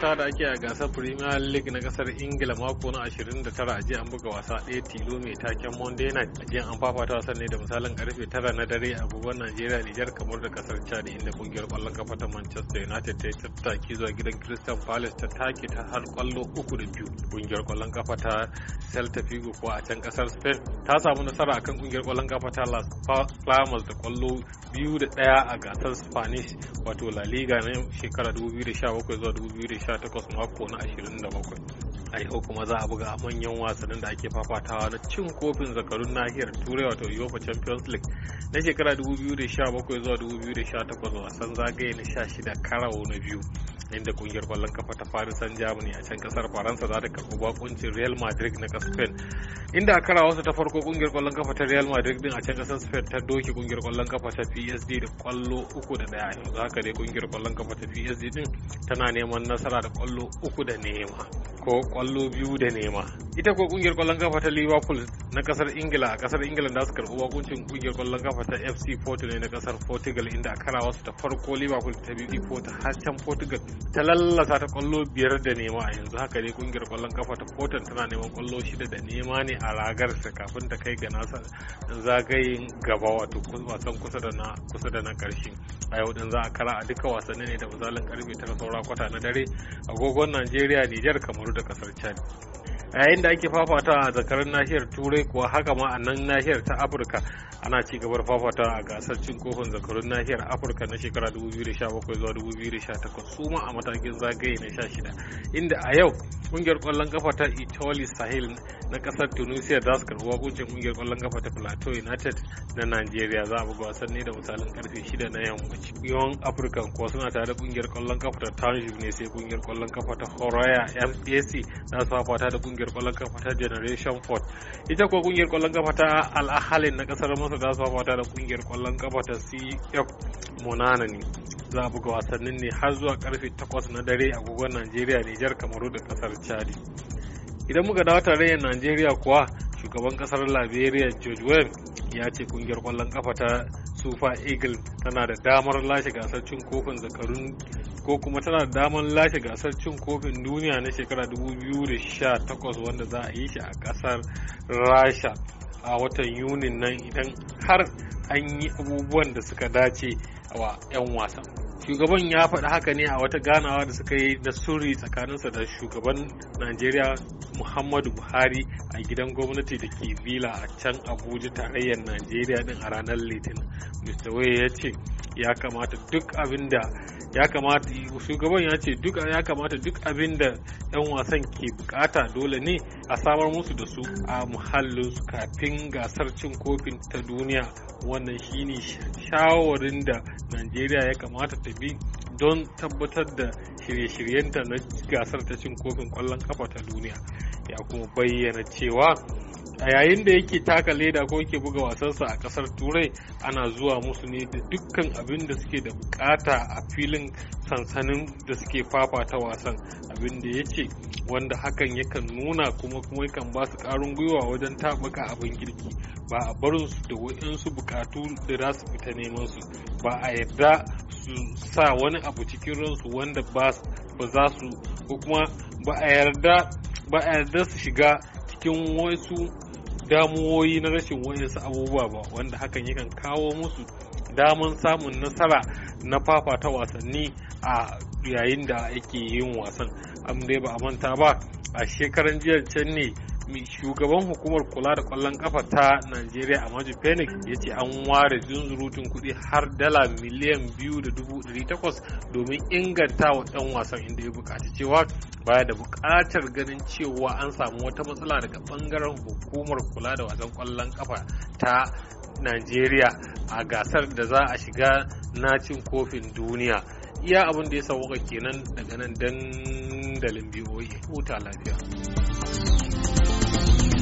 fafata da ake a gasar Premier League na kasar Ingila mako na 29 a jiya an buga wasa ɗaya tilo mai taken Monday night. A jiya an fafata wasan ne da misalin karfe 9 na dare a agogon Najeriya Niger kamar da kasar Chad inda kungiyar kwallon kafa ta Manchester United ta yi tattaki zuwa gidan Crystal Palace ta take ta har kwallo uku da biyu. Kungiyar kwallon kafa ta Celta Vigo ko a can kasar Spain ta samu nasara akan kungiyar kwallon kafa ta Las Palmas da kwallo biyu da daya a gasar Spanish wato La Liga na shekara 2017 zuwa 2018. 18 mako na 27 a yau kuma za a buga manyan wasannin da ake fafatawa na cin kofin zakarun nahiyar turai wato uefa champions league na shekara 2017 zuwa 2018 wasan zagaye na 16 karawo na biyu inda kungiyar kwallon kafa ta Paris Saint-Germain a can kasar Faransa za ta karbi bakuncin Real Madrid na kasar Spain inda a karawa ta farko kungiyar kwallon kafa ta Real Madrid din a can kasar Spain ta doki kungiyar kwallon kafa ta PSG da kwallo uku da daya yanzu haka dai kungiyar kwallon kafa ta PSG din tana neman nasara da kwallo uku da nema ko kwallo biyu da nema ita ko kungiyar kwallon kafa ta Liverpool na kasar ingila a kasar ingila da su karbi wakuncin kungiyar kwallon kafa ta fc porto ne na kasar portugal inda a kara wasu ta farko liverpool ta biyu ko ta hasken portugal ta lallasa ta kwallo biyar da nema a yanzu haka ne kungiyar kwallon kafa ta porto tana neman kwallo shida da nema ne a ragar ta kafin ta kai ga nasa zagayen gaba wato wasan kusa da na kusa da na karshe a yau din za a kara a duka wasanni ne da misalin karfe tara saura kwata na dare agogon najeriya nijar kamaru da kasar chad a yayin da ake fafata a zakarar nahiyar turai kuwa haka ma a nan nahiyar ta afirka ana ci gabar fafata a gasar cin kofin zakarun nahiyar afirka na shekara 2017 zuwa 2018 su ma a matakin zagaye na 16 inda a yau kungiyar kwallon kafa ta italy sahel na kasar tunisia za su karbi wakuncin kungiyar kwallon kafa ta plateau united na nigeria za a buga ne da misalin karfe 6 na yammaci yawan afirka kuwa suna tare da kungiyar kwallon kafa ta tangier ne sai kungiyar kwallon kafa ta horaya mpc za su fafata da kungiyar kungiyar kwallon kafa ta Generation Ford ita kuwa kungiyar kwallon kafa ta Al na kasar masa za su fafata da kungiyar kwallon kafa ta CF Monana ne za a buga wasannin ne har zuwa karfe 8 na dare a gogon Najeriya Nijar Kamaru da kasar chadi idan muka dawo tarayyar Najeriya kuwa shugaban kasar Liberia George Weah ya ce kungiyar kwallon kafa ta Super Eagle tana da damar lashe gasar cin kofin zakarun ko kuma tana da damar lashe gasar cin kofin duniya na shekara 2018 wanda za a yi shi a kasar Rasha a watan Yunin nan idan har an yi abubuwan da suka dace wa 'yan wasan. shugaban ya faɗi haka ne a wata ganawa da suka yi da suri tsakaninsa da shugaban najeriya muhammadu buhari a gidan gwamnati da ke vila a can abuja tarayyar najeriya din a ranar litinin mr waye ya ce ya kamata duk abin da ya kamata shugaban ya ce duk ya kamata duk abin da yan wasan ke bukata dole ne a samar musu da su a muhallinsu kafin gasar cin kofin ta duniya wannan shine shawarin da najeriya ya kamata ta bi don tabbatar da shirye-shiryenta na gasar ta cin kofin kwallon kafa ta duniya ya kuma bayyana cewa a yayin da yake taka leda ko yake buga wasansa a kasar turai ana zuwa musu ne da dukkan abin da suke da bukata a filin sansanin da suke fafata wasan abin da ya ce wanda hakan yakan nuna kuma kuma yakan ba su karin gwiwa wajen tabaka abin girki ba a barin su da wa'insu bukatu da za su fita neman su ba a yarda su sa wani abu cikin ransu wanda ba za su ko kuma ba a yarda su shiga cikin wasu damuwoyi na rashin wayansu abubuwa ba wanda hakan yakan kawo musu damar samun nasara na fafa ta wasanni a yayin da ake yin wasan da dai ba a manta ba a shekaran jiya can ne shugaban hukumar kula da kwallon kafa ta Najeriya a Maju Phoenix ya ce an ware zunzurutun kuɗi har dala miliyan biyu da dubu ɗari takwas domin inganta wa ɗan wasan inda ya buƙaci cewa baya da buƙatar ganin cewa an samu wata matsala daga ɓangaren hukumar kula da wasan kwallon kafa ta Najeriya a gasar da za a shiga na cin kofin duniya. Iya abin da ya sauka kenan daga nan dandalin biyoyi. Huta lafiya. Bye.